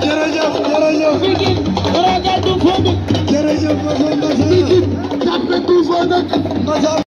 jërëjëf jërëjëf Pikine ragal du foofu jërëjëf Pikine jàppe du foofu nag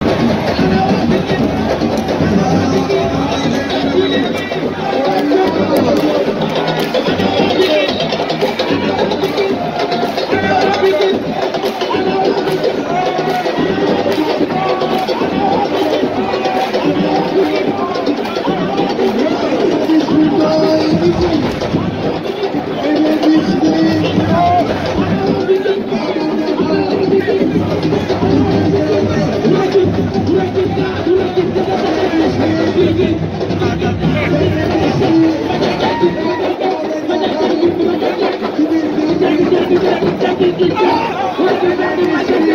Wajibika, wajibika, wajibika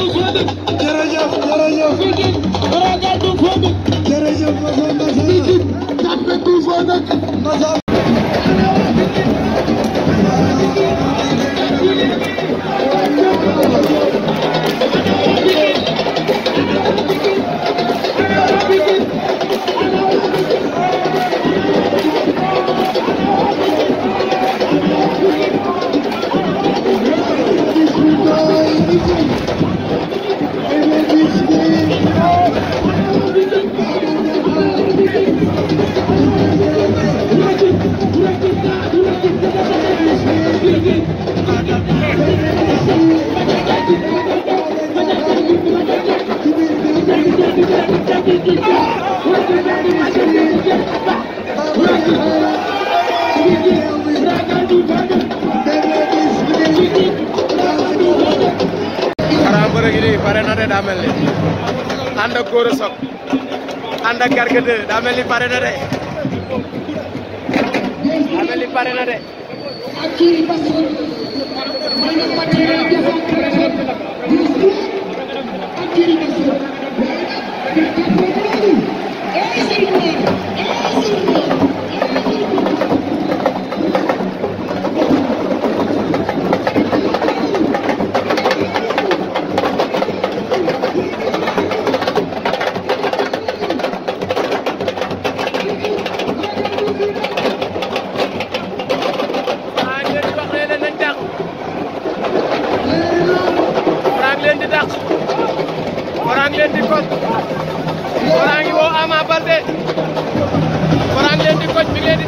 jërëjëf jërëjëf. jërëjëf jërëjëf. jërëjëf. pare na de daa mel ni ànd góor a soog ànd ak garga de daa mel ni pare na yàq Franc ngeen di koj Franc ngi woo Ama Baldé Franc ngeen di koj mi ngeen